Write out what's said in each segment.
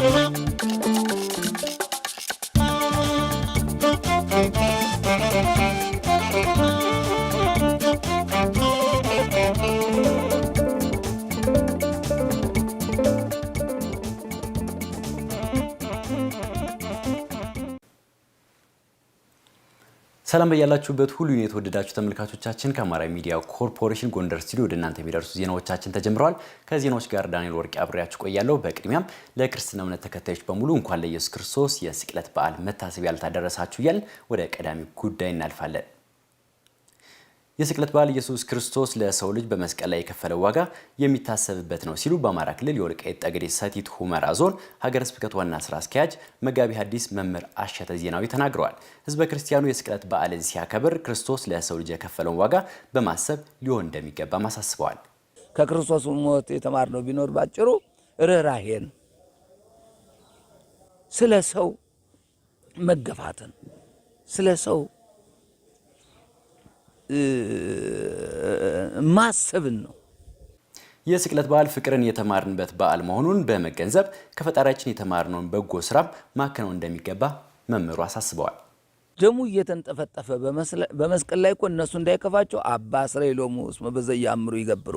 Thank you. ሰላም በያላችሁበት ሁሉ የተወደዳችሁ ተመልካቾቻችን ከአማራ ሚዲያ ኮርፖሬሽን ጎንደር ስቱዲዮ ወደ እናንተ የሚደርሱ ዜናዎቻችን ተጀምረዋል። ከዜናዎች ጋር ዳንኤል ወርቅ አብሬያችሁ ቆያለሁ። በቅድሚያም ለክርስትና እምነት ተከታዮች በሙሉ እንኳን ለኢየሱስ ክርስቶስ የስቅለት በዓል መታሰቢያ ልታደረሳችሁ እያልን ወደ ቀዳሚ ጉዳይ እናልፋለን። የስቅለት በዓል ኢየሱስ ክርስቶስ ለሰው ልጅ በመስቀል ላይ የከፈለው ዋጋ የሚታሰብበት ነው ሲሉ በአማራ ክልል የወልቃይት ጠገዴ ሰቲት ሁመራ ዞን ሀገረ ስብከት ዋና ስራ አስኪያጅ መጋቢ ሐዲስ መምህር አሸተ ዜናዊ ተናግረዋል። ህዝበ ክርስቲያኑ የስቅለት በዓልን ሲያከብር ክርስቶስ ለሰው ልጅ የከፈለውን ዋጋ በማሰብ ሊሆን እንደሚገባም አሳስበዋል። ከክርስቶስ ሞት የተማርነው ቢኖር ባጭሩ ርኅራሄን፣ ስለ ሰው መገፋትን፣ ስለ ሰው ማሰብን ነው። የስቅለት በዓል ፍቅርን የተማርንበት በዓል መሆኑን በመገንዘብ ከፈጣሪያችን የተማርነውን በጎ ስራም ማከናወን እንደሚገባ መምህሩ አሳስበዋል። ደሙ እየተንጠፈጠፈ በመስቀል ላይ እኮ እነሱ እንዳይከፋቸው አባ ስረይ ሎሙ እስመ ያምሩ ይገብሩ፣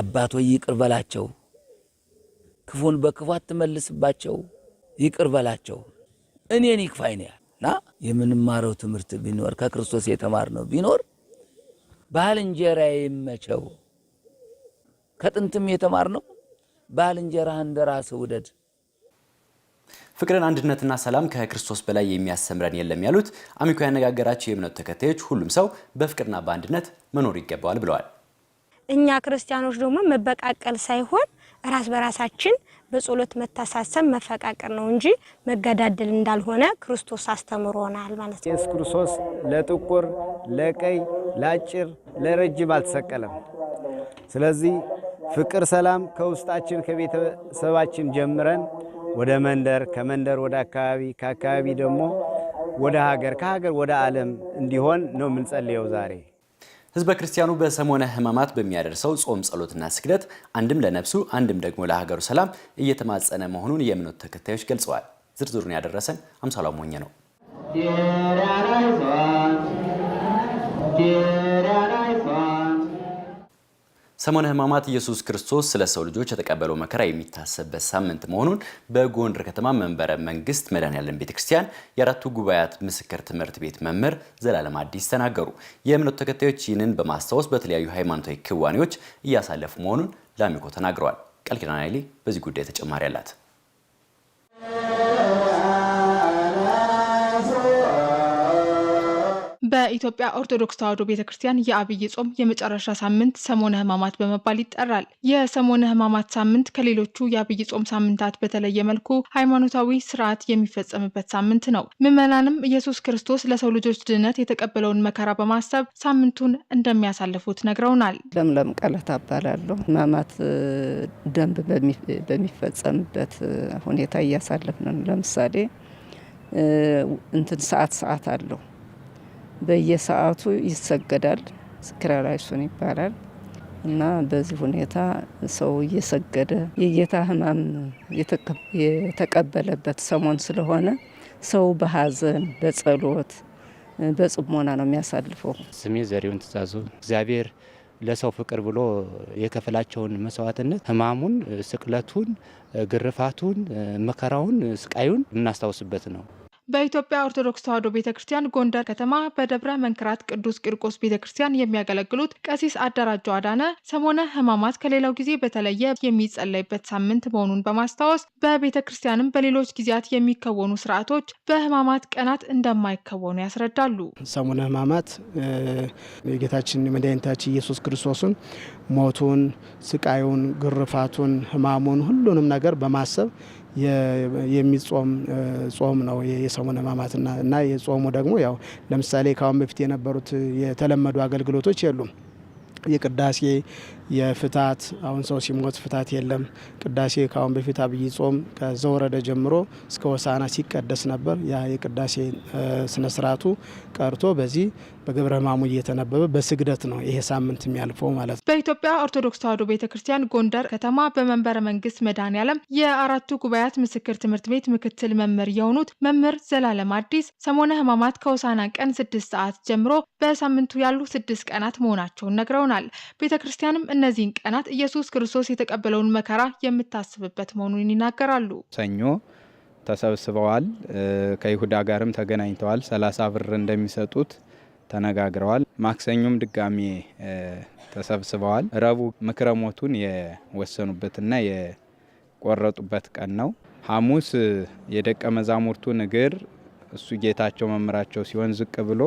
አባቶ ይቅር በላቸው፣ ክፉን በክፉ አትመልስባቸው፣ ይቅር በላቸው፣ እኔን ይክፋኝ ነው ያል እና የምንማረው ትምህርት ቢኖር ከክርስቶስ የተማርነው ቢኖር ባልንጀራ ይመቸው ከጥንትም የተማርነው ባልንጀራህን እንደ ራስህ ውደድ። ፍቅርን፣ አንድነትና ሰላም ከክርስቶስ በላይ የሚያስተምረን የለም ያሉት አሚኮ ያነጋገራቸው የእምነቱ ተከታዮች ሁሉም ሰው በፍቅርና በአንድነት መኖር ይገባዋል ብለዋል። እኛ ክርስቲያኖች ደግሞ መበቃቀል ሳይሆን ራስ በራሳችን በጸሎት መተሳሰብ መፈቃቀር ነው እንጂ መገዳደል እንዳልሆነ ክርስቶስ አስተምሮናል ማለት ነው። ኢየሱስ ክርስቶስ ለጥቁር፣ ለቀይ፣ ለአጭር፣ ለረጅም አልተሰቀለም። ስለዚህ ፍቅር፣ ሰላም ከውስጣችን ከቤተሰባችን ጀምረን ወደ መንደር፣ ከመንደር ወደ አካባቢ፣ ከአካባቢ ደግሞ ወደ ሀገር፣ ከሀገር ወደ ዓለም እንዲሆን ነው የምንጸልየው ዛሬ ህዝበ ክርስቲያኑ በሰሞነ ህማማት በሚያደርሰው ጾም፣ ጸሎትና ስግደት አንድም ለነፍሱ አንድም ደግሞ ለሀገሩ ሰላም እየተማጸነ መሆኑን የእምነቱ ተከታዮች ገልጸዋል። ዝርዝሩን ያደረሰን አምሳላ ሞኘ ነው። ሰሞነ ሕማማት ኢየሱስ ክርስቶስ ስለ ሰው ልጆች የተቀበለው መከራ የሚታሰብበት ሳምንት መሆኑን በጎንደር ከተማ መንበረ መንግስት መድኃኔዓለም ቤተክርስቲያን የአራቱ ጉባኤያት ምስክር ትምህርት ቤት መምህር ዘላለም አዲስ ተናገሩ። የእምነቱ ተከታዮች ይህንን በማስታወስ በተለያዩ ሃይማኖታዊ ክዋኔዎች እያሳለፉ መሆኑን ላሚኮ ተናግረዋል። ቃል ኪዳን ኃይሌ በዚህ ጉዳይ ተጨማሪ አላት። በኢትዮጵያ ኦርቶዶክስ ተዋሕዶ ቤተ ክርስቲያን የአብይ ጾም የመጨረሻ ሳምንት ሰሞነ ሕማማት በመባል ይጠራል። የሰሞነ ሕማማት ሳምንት ከሌሎቹ የአብይ ጾም ሳምንታት በተለየ መልኩ ሃይማኖታዊ ስርዓት የሚፈጸምበት ሳምንት ነው። ምዕመናንም ኢየሱስ ክርስቶስ ለሰው ልጆች ድነት የተቀበለውን መከራ በማሰብ ሳምንቱን እንደሚያሳልፉት ነግረውናል። ለምለም ቀለት አባላለሁ። ሕማማት ደንብ በሚፈጸምበት ሁኔታ እያሳለፍን ለምሳሌ እንትን ሰዓት ሰዓት አለው በየሰዓቱ ይሰገዳል። ስክራላይሱን ይባላል እና በዚህ ሁኔታ ሰው እየሰገደ የጌታ ሕማም የተቀበለበት ሰሞን ስለሆነ ሰው በሀዘን በጸሎት በጽሞና ነው የሚያሳልፈው። ስሜ ዘሪሁን ትእዛዙ እግዚአብሔር ለሰው ፍቅር ብሎ የከፈላቸውን መስዋዕትነት ሕማሙን፣ ስቅለቱን፣ ግርፋቱን፣ መከራውን፣ ስቃዩን የምናስታውስበት ነው። በኢትዮጵያ ኦርቶዶክስ ተዋሕዶ ቤተ ክርስቲያን ጎንደር ከተማ በደብረ መንክራት ቅዱስ ቂርቆስ ቤተ ክርስቲያን የሚያገለግሉት ቀሲስ አደራጀ አዳነ ሰሞነ ሕማማት ከሌላው ጊዜ በተለየ የሚጸለይበት ሳምንት መሆኑን በማስታወስ በቤተ ክርስቲያንም በሌሎች ጊዜያት የሚከወኑ ስርዓቶች በሕማማት ቀናት እንደማይከወኑ ያስረዳሉ። ሰሞነ ሕማማት የጌታችን መድኃኒታችን ኢየሱስ ክርስቶስን ሞቱን፣ ስቃዩን፣ ግርፋቱን፣ ሕማሙን ሁሉንም ነገር በማሰብ የሚጾም ጾም ነው የሰሙነ ሕማማትና እና የጾሙ ደግሞ ያው ለምሳሌ ከአሁን በፊት የነበሩት የተለመዱ አገልግሎቶች የሉም። የቅዳሴ የፍታት አሁን ሰው ሲሞት ፍታት የለም። ቅዳሴ ከአሁን በፊት አብይ ጾም ከዘወረደ ጀምሮ እስከ ወሳና ሲቀደስ ነበር። ያ የቅዳሴ ስነስርዓቱ ቀርቶ በዚህ በግብረ ሕማሙ እየተነበበ በስግደት ነው ይሄ ሳምንት የሚያልፈው ማለት ነው። በኢትዮጵያ ኦርቶዶክስ ተዋሕዶ ቤተ ክርስቲያን ጎንደር ከተማ በመንበረ መንግስት መድኃኔዓለም የአራቱ ጉባኤያት ምስክር ትምህርት ቤት ምክትል መምህር የሆኑት መምህር ዘላለም አዲስ ሰሞነ ሕማማት ከወሳና ቀን ስድስት ሰዓት ጀምሮ በሳምንቱ ያሉ ስድስት ቀናት መሆናቸውን ነግረውናል። ይሆናል። ቤተ ክርስቲያንም እነዚህን ቀናት ኢየሱስ ክርስቶስ የተቀበለውን መከራ የምታስብበት መሆኑን ይናገራሉ። ሰኞ ተሰብስበዋል። ከይሁዳ ጋርም ተገናኝተዋል። ሰላሳ ብር እንደሚሰጡት ተነጋግረዋል። ማክሰኞም ድጋሜ ተሰብስበዋል። ረቡዕ ምክረ ሞቱን የወሰኑበትና የቆረጡበት ቀን ነው። ሐሙስ የደቀ መዛሙርቱ እግር እሱ ጌታቸው መምህራቸው ሲሆን ዝቅ ብሎ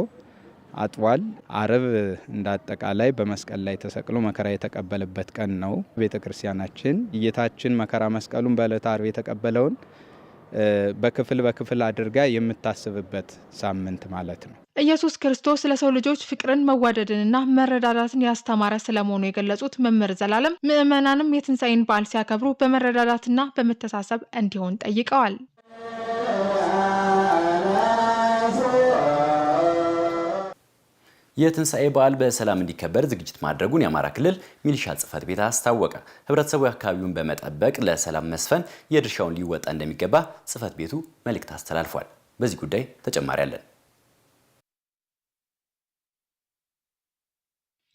አጥቧል። አርብ እንደ በመስቀል ላይ ተሰቅሎ መከራ የተቀበለበት ቀን ነው። ቤተ ክርስቲያናችን እየታችን መከራ መስቀሉን በዕለተ አርብ የተቀበለውን በክፍል በክፍል አድርጋ የምታስብበት ሳምንት ማለት ነው። ኢየሱስ ክርስቶስ ለሰው ልጆች ፍቅርን መዋደድንና መረዳዳትን ያስተማረ ስለመሆኑ የገለጹት መምህር ዘላለም ምዕመናንም የትንሣኤን በዓል ሲያከብሩ በመረዳዳትና በመተሳሰብ እንዲሆን ጠይቀዋል። የትንሣኤ በዓል በሰላም እንዲከበር ዝግጅት ማድረጉን የአማራ ክልል ሚሊሻ ጽሕፈት ቤት አስታወቀ። ህብረተሰቡ አካባቢውን በመጠበቅ ለሰላም መስፈን የድርሻውን ሊወጣ እንደሚገባ ጽሕፈት ቤቱ መልእክት አስተላልፏል። በዚህ ጉዳይ ተጨማሪ አለን።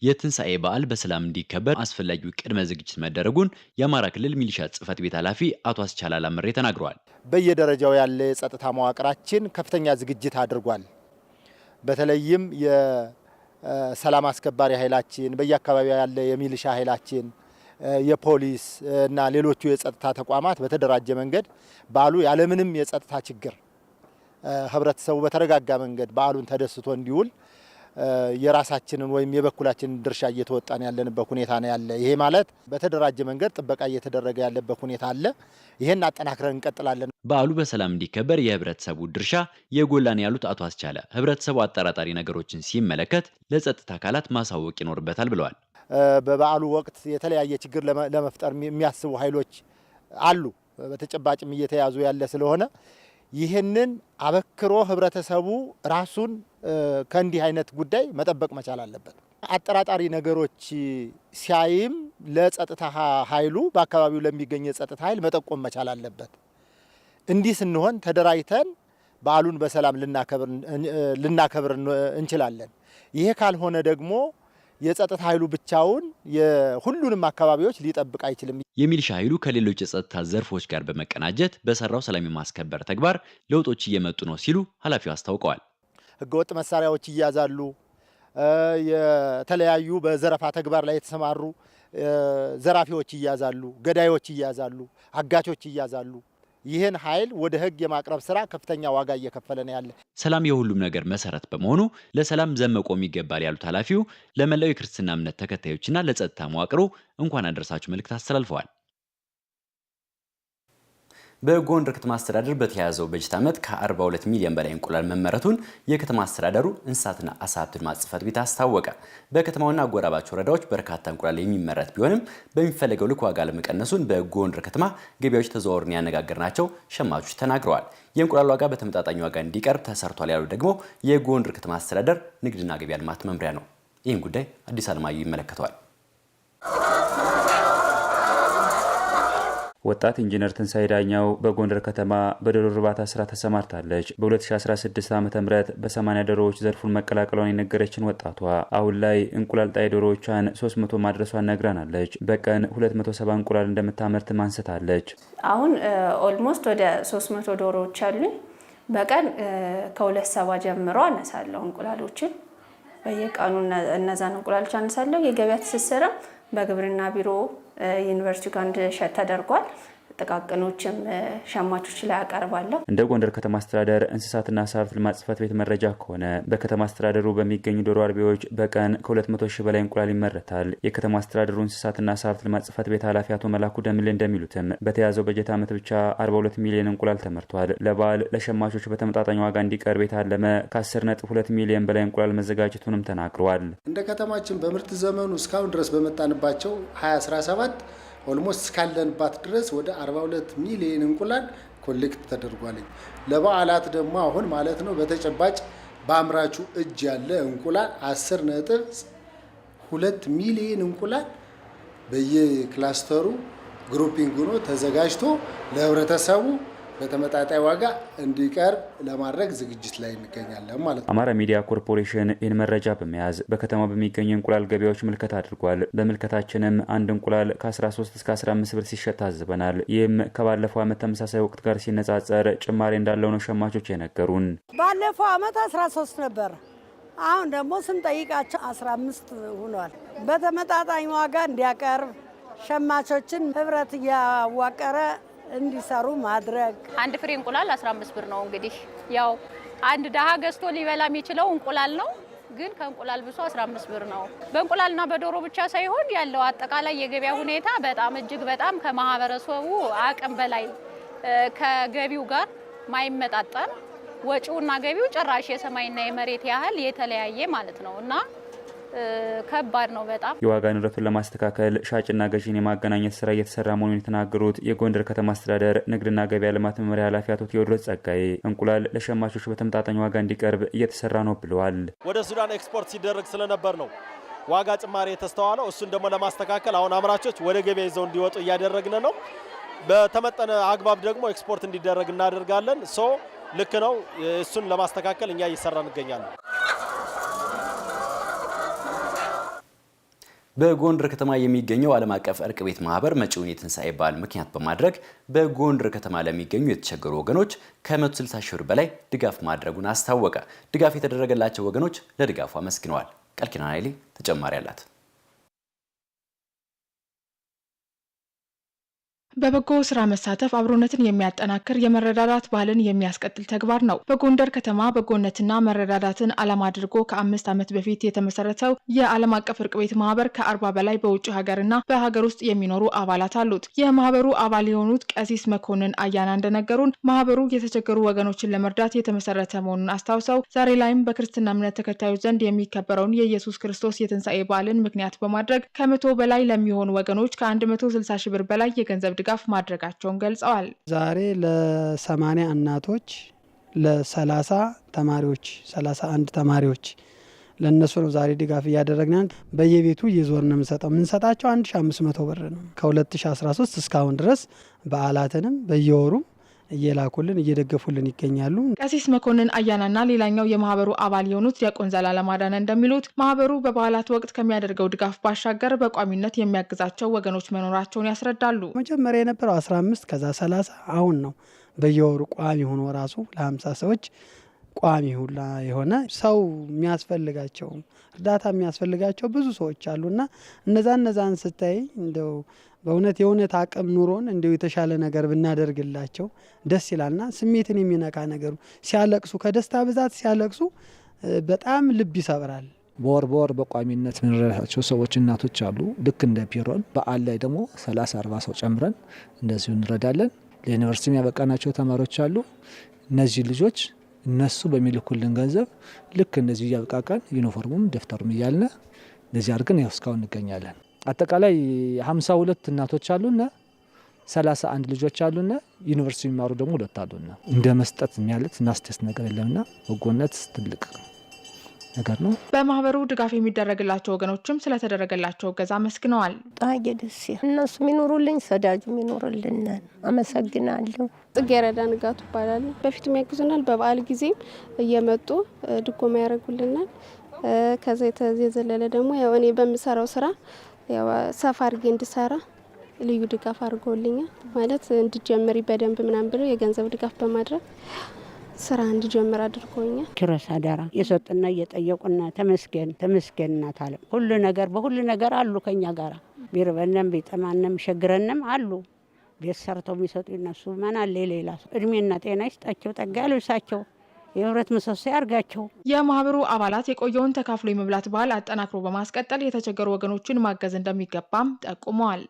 የትንሣኤ በዓል በሰላም እንዲከበር አስፈላጊው ቅድመ ዝግጅት መደረጉን የአማራ ክልል ሚሊሻ ጽሕፈት ቤት ኃላፊ አቶ አስቻላ ላምሬ ተናግረዋል። በየደረጃው ያለ የጸጥታ መዋቅራችን ከፍተኛ ዝግጅት አድርጓል። በተለይም ሰላም አስከባሪ ኃይላችን፣ በየአካባቢው ያለ የሚሊሻ ኃይላችን፣ የፖሊስ እና ሌሎቹ የጸጥታ ተቋማት በተደራጀ መንገድ በዓሉ ያለምንም የጸጥታ ችግር ህብረተሰቡ በተረጋጋ መንገድ በዓሉን ተደስቶ እንዲውል የራሳችንን ወይም የበኩላችንን ድርሻ እየተወጣን ያለንበት ሁኔታ ነው ያለ። ይሄ ማለት በተደራጀ መንገድ ጥበቃ እየተደረገ ያለበት ሁኔታ አለ። ይህን አጠናክረን እንቀጥላለን። በዓሉ በሰላም እንዲከበር የህብረተሰቡ ድርሻ የጎላን ያሉት አቶ አስቻለ ህብረተሰቡ አጠራጣሪ ነገሮችን ሲመለከት ለጸጥታ አካላት ማሳወቅ ይኖርበታል ብለዋል። በበዓሉ ወቅት የተለያየ ችግር ለመፍጠር የሚያስቡ ኃይሎች አሉ። በተጨባጭም እየተያዙ ያለ ስለሆነ ይህንን አበክሮ ህብረተሰቡ ራሱን ከእንዲህ አይነት ጉዳይ መጠበቅ መቻል አለበት። አጠራጣሪ ነገሮች ሲያይም ለጸጥታ ኃይሉ በአካባቢው ለሚገኝ የጸጥታ ኃይል መጠቆም መቻል አለበት። እንዲህ ስንሆን ተደራጅተን በዓሉን በሰላም ልናከብር እንችላለን። ይሄ ካልሆነ ደግሞ የጸጥታ ኃይሉ ብቻውን የሁሉንም አካባቢዎች ሊጠብቅ አይችልም። የሚሊሻ ኃይሉ ከሌሎች የጸጥታ ዘርፎች ጋር በመቀናጀት በሰራው ሰላም የማስከበር ተግባር ለውጦች እየመጡ ነው ሲሉ ኃላፊው አስታውቀዋል። ህገወጥ መሳሪያዎች ይያዛሉ። የተለያዩ በዘረፋ ተግባር ላይ የተሰማሩ ዘራፊዎች ይያዛሉ፣ ገዳዮች ይያዛሉ፣ አጋቾች ይያዛሉ። ይህን ኃይል ወደ ህግ የማቅረብ ስራ ከፍተኛ ዋጋ እየከፈለ ነው ያለ። ሰላም የሁሉም ነገር መሰረት በመሆኑ ለሰላም ዘመቆም ይገባል ያሉት ኃላፊው ለመላው የክርስትና እምነት ተከታዮችና ለጸጥታ መዋቅሩ እንኳን አደረሳችሁ መልእክት አስተላልፈዋል። በጎንደር ከተማ አስተዳደር በተያዘው በጀት ዓመት ከ42 ሚሊዮን በላይ እንቁላል መመረቱን የከተማ አስተዳደሩ እንስሳትና አሳ ሀብት ልማት ጽሕፈት ቤት አስታወቀ። በከተማውና አጎራባቸው ወረዳዎች በርካታ እንቁላል የሚመረት ቢሆንም በሚፈለገው ልክ ዋጋ ለመቀነሱን በጎንደር ከተማ ገበያዎች ተዘዋውረን ያነጋገርናቸው ሸማቾች ተናግረዋል። የእንቁላል ዋጋ በተመጣጣኝ ዋጋ እንዲቀርብ ተሰርቷል ያሉ ደግሞ የጎንደር ከተማ አስተዳደር ንግድና ገበያ ልማት መምሪያ ነው። ይህን ጉዳይ አዲስ አለማየሁ ይመለከተዋል። ወጣት ኢንጂነር ትንሳኤ ዳኛው በጎንደር ከተማ በዶሮ እርባታ ስራ ተሰማርታለች። በ2016 ዓ ም በ80 ዶሮዎች ዘርፉን መቀላቀሏን የነገረችን ወጣቷ አሁን ላይ እንቁላል ጣይ ዶሮዎቿን 300 ማድረሷን ነግራናለች። በቀን 270 እንቁላል እንደምታመርት ማንሰታለች። አሁን ኦልሞስት ወደ 300 ዶሮዎች አሉኝ። በቀን ከሁለት ሰባ ጀምሮ አነሳለሁ እንቁላሎችን በየቀኑ እነዛን እንቁላሎች አነሳለሁ። የገበያ ትስስርም በግብርና ቢሮ ዩኒቨርሲቲ ጋር እንድሸጥ ተደርጓል። ጥቃቅኖችም ሸማቾች ላይ አቀርባለሁ። እንደ ጎንደር ከተማ አስተዳደር እንስሳትና ዓሳ ሀብት ልማት ጽሕፈት ቤት መረጃ ከሆነ በከተማ አስተዳደሩ በሚገኙ ዶሮ አርቢዎች በቀን ከ200 ሺህ በላይ እንቁላል ይመረታል። የከተማ አስተዳደሩ እንስሳትና ዓሳ ሀብት ልማት ጽሕፈት ቤት ኃላፊ አቶ መላኩ ደምል እንደሚሉትም በተያዘው በጀት ዓመት ብቻ 42 ሚሊዮን እንቁላል ተመርቷል። ለበዓል ለሸማቾች በተመጣጣኝ ዋጋ እንዲቀርብ የታለመ ከ10.2 ሚሊዮን በላይ እንቁላል መዘጋጀቱንም ተናግረዋል። እንደ ከተማችን በምርት ዘመኑ እስካሁን ድረስ በመጣንባቸው 2017 ኦልሞስት እስካለንባት ድረስ ወደ 42 ሚሊዮን እንቁላል ኮሌክት ተደርጓለኝ። ለበዓላት ደግሞ አሁን ማለት ነው በተጨባጭ በአምራቹ እጅ ያለ እንቁላል 10 ነጥብ 2 ሚሊዮን እንቁላል በየክላስተሩ ግሩፒንግ ሆኖ ተዘጋጅቶ ለህብረተሰቡ በተመጣጣኝ ዋጋ እንዲቀርብ ለማድረግ ዝግጅት ላይ እንገኛለን ማለት ነው። አማራ ሚዲያ ኮርፖሬሽን ይህን መረጃ በመያዝ በከተማው በሚገኙ እንቁላል ገበያዎች ምልከታ አድርጓል። በምልከታችንም አንድ እንቁላል ከ13 እስከ 15 ብር ሲሸጥ ታዝበናል። ይህም ከባለፈው ዓመት ተመሳሳይ ወቅት ጋር ሲነጻጸር ጭማሪ እንዳለው ነው ሸማቾች የነገሩን። ባለፈው ዓመት 13 ነበር፣ አሁን ደግሞ ስንጠይቃቸው 15 ሆኗል። በተመጣጣኝ ዋጋ እንዲያቀርብ ሸማቾችን ህብረት እያዋቀረ እንዲሰሩ ማድረግ። አንድ ፍሬ እንቁላል 15 ብር ነው። እንግዲህ ያው አንድ ደሃ ገዝቶ ሊበላ የሚችለው እንቁላል ነው። ግን ከእንቁላል ብሶ 15 ብር ነው። በእንቁላልና በዶሮ ብቻ ሳይሆን ያለው አጠቃላይ የገበያ ሁኔታ በጣም እጅግ በጣም ከማህበረሰቡ አቅም በላይ ከገቢው ጋር ማይመጣጠን ወጪውና ገቢው ጭራሽ የሰማይና የመሬት ያህል የተለያየ ማለት ነው እና ከባድ ነው በጣም። የዋጋ ንረቱን ለማስተካከል ሻጭና ገዢን የማገናኘት ስራ እየተሰራ መሆኑን የተናገሩት የጎንደር ከተማ አስተዳደር ንግድና ገበያ ልማት መመሪያ ኃላፊ አቶ ቴዎድሮስ ጸጋዬ እንቁላል ለሸማቾች በተመጣጣኝ ዋጋ እንዲቀርብ እየተሰራ ነው ብለዋል። ወደ ሱዳን ኤክስፖርት ሲደረግ ስለነበር ነው ዋጋ ጭማሪ የተስተዋለው። እሱን ደግሞ ለማስተካከል አሁን አምራቾች ወደ ገበያ ይዘው እንዲወጡ እያደረግን ነው። በተመጠነ አግባብ ደግሞ ኤክስፖርት እንዲደረግ እናደርጋለን። ሶ ልክ ነው። እሱን ለማስተካከል እኛ እየሰራ እንገኛለን። በጎንደር ከተማ የሚገኘው ዓለም አቀፍ እርቅ ቤት ማህበር መጪውን የትንሣኤ በዓል ምክንያት በማድረግ በጎንደር ከተማ ለሚገኙ የተቸገሩ ወገኖች ከ160 ሺህ ብር በላይ ድጋፍ ማድረጉን አስታወቀ። ድጋፍ የተደረገላቸው ወገኖች ለድጋፉ አመስግነዋል። ቃል ኪዳን ኃይሌ ተጨማሪ አላት። በበጎ ስራ መሳተፍ አብሮነትን የሚያጠናክር የመረዳዳት ባህልን የሚያስቀጥል ተግባር ነው። በጎንደር ከተማ በጎነትና መረዳዳትን ዓላማ አድርጎ ከአምስት ዓመት በፊት የተመሰረተው የዓለም አቀፍ እርቅ ቤት ማህበር ከአርባ በላይ በውጭ ሀገርና በሀገር ውስጥ የሚኖሩ አባላት አሉት። የማህበሩ አባል የሆኑት ቀሲስ መኮንን አያና እንደነገሩን ማህበሩ የተቸገሩ ወገኖችን ለመርዳት የተመሰረተ መሆኑን አስታውሰው ዛሬ ላይም በክርስትና እምነት ተከታዮች ዘንድ የሚከበረውን የኢየሱስ ክርስቶስ የትንሣኤ በዓልን ምክንያት በማድረግ ከመቶ በላይ ለሚሆኑ ወገኖች ከ160 ሺህ ብር በላይ የገንዘብ ድጋፍ ማድረጋቸውን ገልጸዋል። ዛሬ ለሰማኒያ እናቶች ለሰላሳ ተማሪዎች ሰላሳ አንድ ተማሪዎች ለእነሱ ነው ዛሬ ድጋፍ እያደረግናል። በየቤቱ እየዞር ነው የምንሰጠው። የምንሰጣቸው መቶ ብር ነው ከ2013 እስካሁን ድረስ በዓላትንም በየወሩም እየላኩልን እየደገፉልን ይገኛሉ። ቀሲስ መኮንን አያናና ሌላኛው የማህበሩ አባል የሆኑት ዲያቆን ዘላለም አዳነ እንደሚሉት ማህበሩ በበዓላት ወቅት ከሚያደርገው ድጋፍ ባሻገር በቋሚነት የሚያግዛቸው ወገኖች መኖራቸውን ያስረዳሉ። መጀመሪያ የነበረው 15 ከዛ 30 አሁን ነው በየወሩ ቋሚ ሆኖ ራሱ ለ50 ሰዎች ቋሚ ሁላ የሆነ ሰው የሚያስፈልጋቸው እርዳታ የሚያስፈልጋቸው ብዙ ሰዎች አሉና እነዛ እነዛን ስታይ እንደው በእውነት የእውነት አቅም ኑሮን እንዲሁ የተሻለ ነገር ብናደርግላቸው ደስ ይላልና ስሜትን የሚነካ ነገሩ ሲያለቅሱ ከደስታ ብዛት ሲያለቅሱ በጣም ልብ ይሰብራል። በወር በወር በቋሚነት የምንረዳቸው ሰዎች እናቶች አሉ። ልክ እንደ ፒሮን በዓል ላይ ደግሞ 30 40 ሰው ጨምረን እንደዚሁ እንረዳለን። ለዩኒቨርሲቲ ያበቃናቸው ተማሪዎች አሉ። እነዚህ ልጆች እነሱ በሚልኩልን ገንዘብ ልክ እንደዚሁ እያበቃቀን ዩኒፎርሙም ደብተሩም እያልን እንደዚህ አድርገን ያው እስካሁን እንገኛለን። አጠቃላይ 52 እናቶች አሉና 31 ልጆች አሉና ዩኒቨርሲቲ የሚማሩ ደግሞ ሁለት አሉና እንደ መስጠት የሚያለት እናስደስት ነገር የለምና በጎነት ትልቅ ነገር ነው። በማህበሩ ድጋፍ የሚደረግላቸው ወገኖችም ስለተደረገላቸው እገዛ መስግነዋል። ጣየ ደስ እነሱ የሚኖሩልኝ ሰዳጁ የሚኖርልናል። አመሰግናለሁ። ጽጌረዳ ንጋቱ ይባላል። በፊትም ያግዙናል። በበዓል ጊዜም እየመጡ ድጎማ ያደረጉልናል። ከዛ የተዘለለ ደግሞ ያው እኔ በምሰራው ስራ ሰፋ አድርጌ እንድሰራ ልዩ ድጋፍ አድርጎልኛል። ማለት እንድጀምሪ በደንብ ምናምን ብለው የገንዘብ ድጋፍ በማድረግ ስራ እንድጀምር አድርጎኛል። ኪሮስ አደራ የሰጡና እየጠየቁና ተመስገን ተመስገን እናት አለ ሁሉ ነገር በሁሉ ነገር አሉ ከኛ ጋራ ቢርበንም ቢጠማንም ሸግረንም አሉ ቤት ሰርተው የሚሰጡ እነሱ መናሌ ሌላ እድሜና ጤና ይስጣቸው ጠጋ ልብሳቸው የህብረት ምሰሶ ያርጋቸው። የማህበሩ አባላት የቆየውን ተካፍሎ የመብላት ባህል አጠናክሮ በማስቀጠል የተቸገሩ ወገኖችን ማገዝ እንደሚገባም ጠቁመዋል።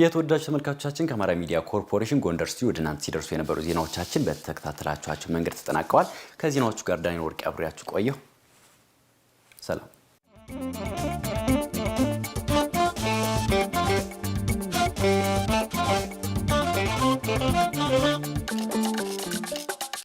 የተወዳጁ ተመልካቾቻችን ከአማራ ሚዲያ ኮርፖሬሽን ጎንደር ስቱዲዮ ወደ እናንተ ሲደርሱ የነበሩ ዜናዎቻችን በተከታተላችኋቸው መንገድ ተጠናቀዋል። ከዜናዎቹ ጋር ዳንኤል ወርቅ አብሬያችሁ ቆየሁ። ሰላም